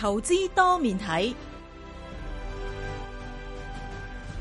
投資多面睇，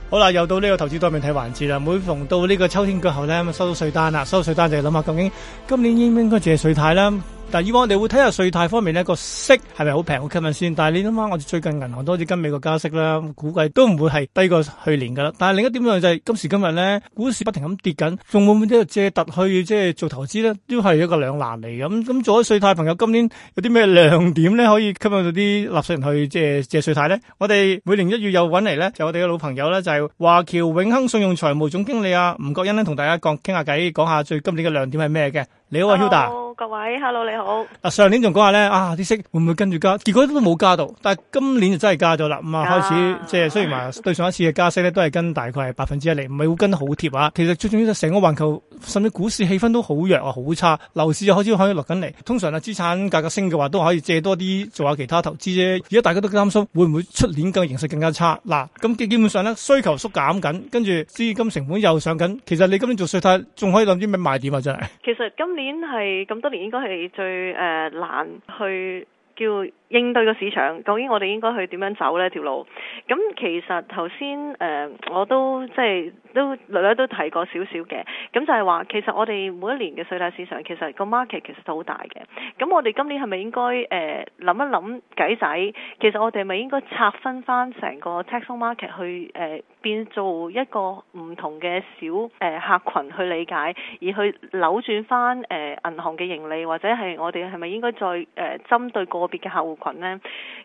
好啦，又到呢個投資多面睇環節啦。每逢到呢個秋天過後咧，收到稅單啦，收到稅單就諗下究竟今年應唔應該借稅貸啦。但以往我哋會睇下稅貸方面咧個息係咪好平，好吸引先。但係你諗下，我最近銀行都好似跟美國加息啦，估計都唔會係低過去年噶啦。但係另一點就係、是、今時今日咧，股市不停咁跌緊，仲會唔會借特去即係做投資咧？都係一個兩難嚟咁。咁、嗯、做咗稅貸朋友，今年有啲咩亮點咧，可以吸引到啲納稅人去即係借稅貸咧？我哋每年一月又搵嚟咧，就是、我哋嘅老朋友咧，就係、是、華僑永亨信用財務總經理啊吳幗欣咧，同大家講傾下偈，講下最今年嘅亮點係咩嘅？你好啊，Hilda。各位，hello，你好。上年仲講話咧，啊，啲息，息會唔會跟住加？結果都冇加到，但係今年就真係加咗啦。咁啊，開始、yeah。即係雖然話對上一次嘅加息咧，都係跟大概係百分之一厘，唔係會跟得好貼啊。其實最重要就成個環球。甚至股市氣氛都好弱啊，好差。樓市又開始可以落緊嚟。通常啊，資產價格升嘅話，都可以借多啲做下其他投資啫。而家大家都擔心會唔會出年嘅形勢更加差。嗱，咁基基本上咧，需求縮減緊，跟住資金成本又上緊。其實你今年做稅貸仲可以諗啲咩賣點啊？真係。其實今年係咁多年應該係最誒、呃、難去叫。應對個市場，究竟我哋應該去點樣走呢條路？咁其實頭先誒我都即係都略略都提過少少嘅，咁就係話其實我哋每一年嘅稅貸市場其實個 market 其實都好大嘅。咁我哋今年係咪應該誒諗一諗計仔？其實我哋係咪應該拆分翻成個 credit market 去誒、呃、變做一個唔同嘅小誒、呃、客群去理解，而去扭轉翻誒銀行嘅盈利，或者係我哋係咪應該再誒、呃、針對個別嘅客戶？群咧，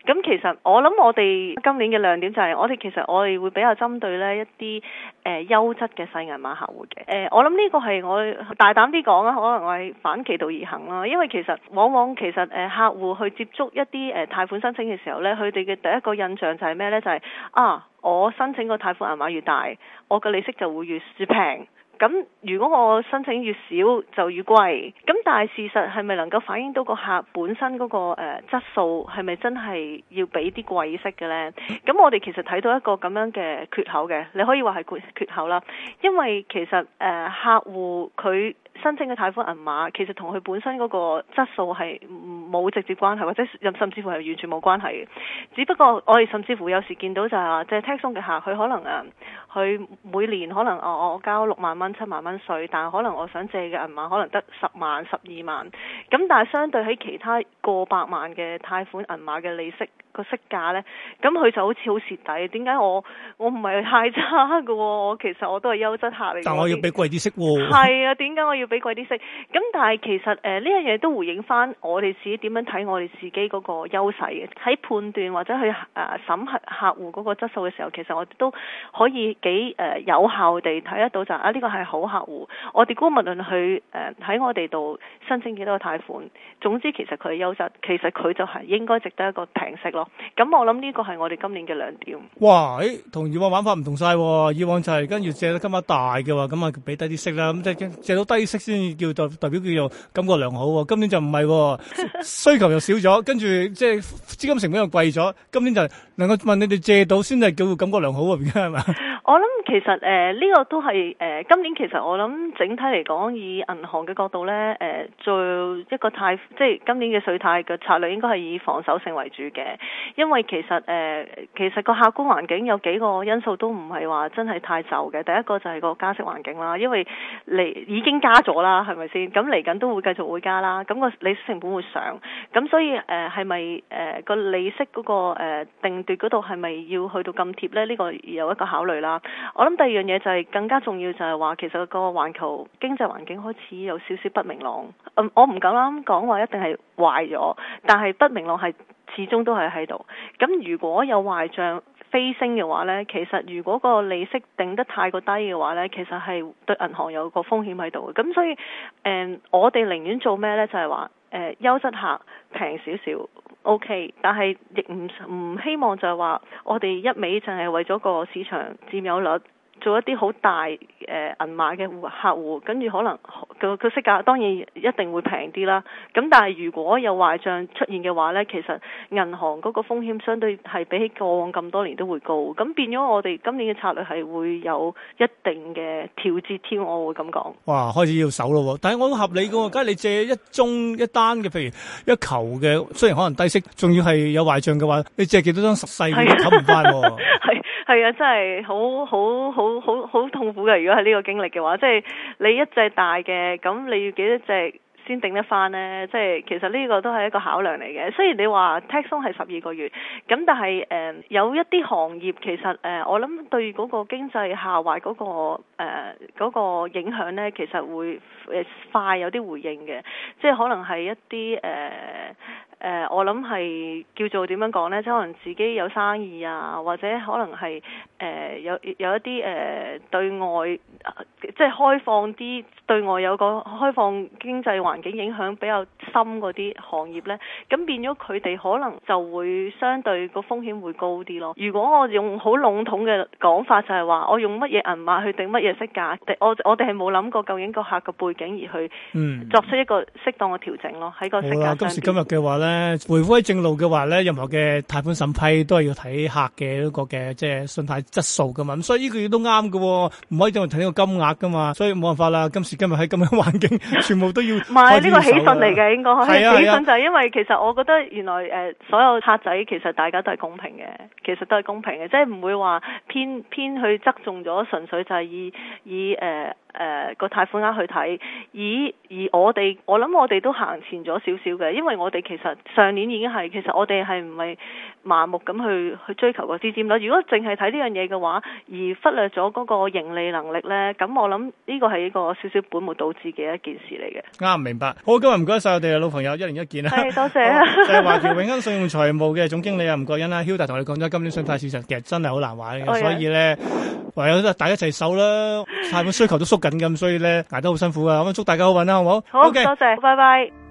咁其實我諗我哋今年嘅亮點就係我哋其實我哋會比較針對咧一啲誒、呃、優質嘅細銀碼客戶嘅、呃、我諗呢個係我大膽啲講可能我係反其道而行啦，因為其實往往其實客戶去接觸一啲誒貸款申請嘅時候咧，佢哋嘅第一個印象就係咩咧？就係、是、啊，我申請個貸款銀碼越大，我嘅利息就會越係平。咁如果我申請越少就越貴，咁但係事實係咪能夠反映到個客本身嗰個、呃、質素係咪真係要俾啲貴息嘅呢？咁我哋其實睇到一個咁樣嘅缺口嘅，你可以話係缺缺口啦。因為其實、呃、客戶佢申請嘅貸款銀碼，其實同佢本身嗰個質素係唔冇直接關係，或者甚至乎係完全冇關係。只不過我哋甚至乎有時見到就係、是、話，借、就是、tax loan 嘅客，佢可能啊，佢每年可能我我交六萬蚊、七萬蚊稅，但係可能我想借嘅銀碼可能得十萬、十二萬。咁但係相對喺其他過百萬嘅貸款銀碼嘅利息個息價呢，咁佢就好似好蝕底。點解我我唔係太差㗎喎？我其實我都係優質客嚟。但我要俾貴啲息喎。係啊，點解我要俾貴啲息？咁但係其實呢樣嘢都回應翻我哋自己點樣睇我哋自己嗰個優勢嘅。喺判斷或者去誒審核客戶嗰個質素嘅時候，其實我都可以幾有效地睇得到就係啊，呢個係好客戶。我哋估無論佢喺我哋度申請幾多個貸款。總之其實佢優質，其實佢就係應該值得一個平息咯。咁我諗呢個係我哋今年嘅亮點。哇，誒、欸，同以往玩法唔同晒，以往就係、是、跟住借得金額大嘅話，咁啊俾低啲息啦。咁即係借到低息先叫代代表叫做感覺良好。今年就唔係，需求又少咗， 跟住即係資金成本又貴咗。今年就係能夠問你哋借到，先至叫做感覺良好啊？而家係咪？我諗其實誒呢、呃這個都係誒、呃、今年其實我諗整體嚟講，以銀行嘅角度呢，誒、呃、做一個貸即係今年嘅稅貸嘅策略，應該係以防守性為主嘅。因為其實誒、呃、其實個客觀環境有幾個因素都唔係話真係太就嘅。第一個就係個加息環境啦，因為你已經加咗啦，係咪先？咁嚟緊都會繼續會加啦，咁、那個利息成本會上，咁所以誒係咪誒個利息嗰、那個、呃、定奪嗰度係咪要去到咁貼呢？呢、這個有一個考慮啦。我諗第二樣嘢就係更加重要，就係話其實個環球經濟環境開始有少少不明朗，嗯。我唔敢諗講話一定係壞咗，但係不明朗係始終都係喺度。咁如果有壞賬飛升嘅話呢，其實如果個利息定得太過低嘅話呢，其實係對銀行有個風險喺度嘅。咁所以誒、嗯，我哋寧願做咩呢？就係話誒，優質客平少少。O.K.，但係亦唔唔希望就係話我哋一味淨係為咗個市場佔有率。做一啲好大誒、呃、銀碼嘅戶客戶，跟住可能個個息價當然一定會平啲啦。咁但係如果有壞賬出現嘅話呢，其實銀行嗰個風險相對係比起過往咁多年都會高。咁變咗我哋今年嘅策略係會有一定嘅調節添，我會咁講。哇！開始要守咯喎，但係我都合理㗎喎。假如你借一宗一單嘅，譬如一球嘅，雖然可能低息，仲要係有壞賬嘅話，你借幾多張十世都冚唔翻喎。 係啊，真係好好好好痛苦嘅。如果係呢個經歷嘅話，即係你一隻大嘅，咁你要幾多隻先頂得翻呢？即係其實呢個都係一個考量嚟嘅。雖然你話 tax loan 係十二個月，咁但係誒、呃、有一啲行業其實誒、呃、我諗對嗰個經濟下滑嗰、嗰個誒、呃嗰個、影響呢，其實會誒、呃、快有啲回應嘅，即係可能係一啲誒。呃誒、呃，我諗係叫做點樣講呢？即可能自己有生意啊，或者可能係誒、呃、有有一啲誒、呃、對外即係、呃就是、開放啲，對外有個開放經濟環境影響比較深嗰啲行業呢。咁變咗佢哋可能就會相對個風險會高啲咯。如果我用好籠統嘅講法就，就係話我用乜嘢銀碼去定乜嘢息價，我我哋係冇諗過究竟個客個背景而去作出一個適當嘅調整咯。喺個息價上、嗯、今時今日嘅話呢。誒回歸正路嘅話咧，任何嘅貸款審批都係要睇客嘅嗰個嘅即係信貸質素噶嘛，咁所以呢個嘢都啱㗎，唔可以凈係睇呢個金額噶嘛，所以冇辦法啦。今時今日喺咁樣環境，全部都要。唔係呢個喜訊嚟嘅，應該係喜訊就係因為其實我覺得原來誒、呃、所有客仔其實大家都係公平嘅，其實都係公平嘅，即係唔會話偏偏去側重咗，純粹就係以以誒。呃誒、呃、個貸款額去睇，而而我哋，我諗我哋都行前咗少少嘅，因為我哋其實上年已經係，其實我哋係唔係盲目咁去去追求個市佔率啦。如果淨係睇呢樣嘢嘅話，而忽略咗嗰個盈利能力呢，咁我諗呢個係一個少少本末倒置嘅一件事嚟嘅。啱、啊、明白。好，今日唔該晒我哋老朋友，一年一見啊。多謝啊。就係、是、華僑永亨信用財務嘅總經理啊， 吳幗欣啦，Hilda 同你講咗，今年信貸市場其實真係好難玩嘅、oh yeah，所以呢。 唯有都大家一齊守啦，大部分需求都縮緊，咁所以呢捱得好辛苦啊！咁祝大家好運啦，好唔好？好，okay. 多謝，拜拜。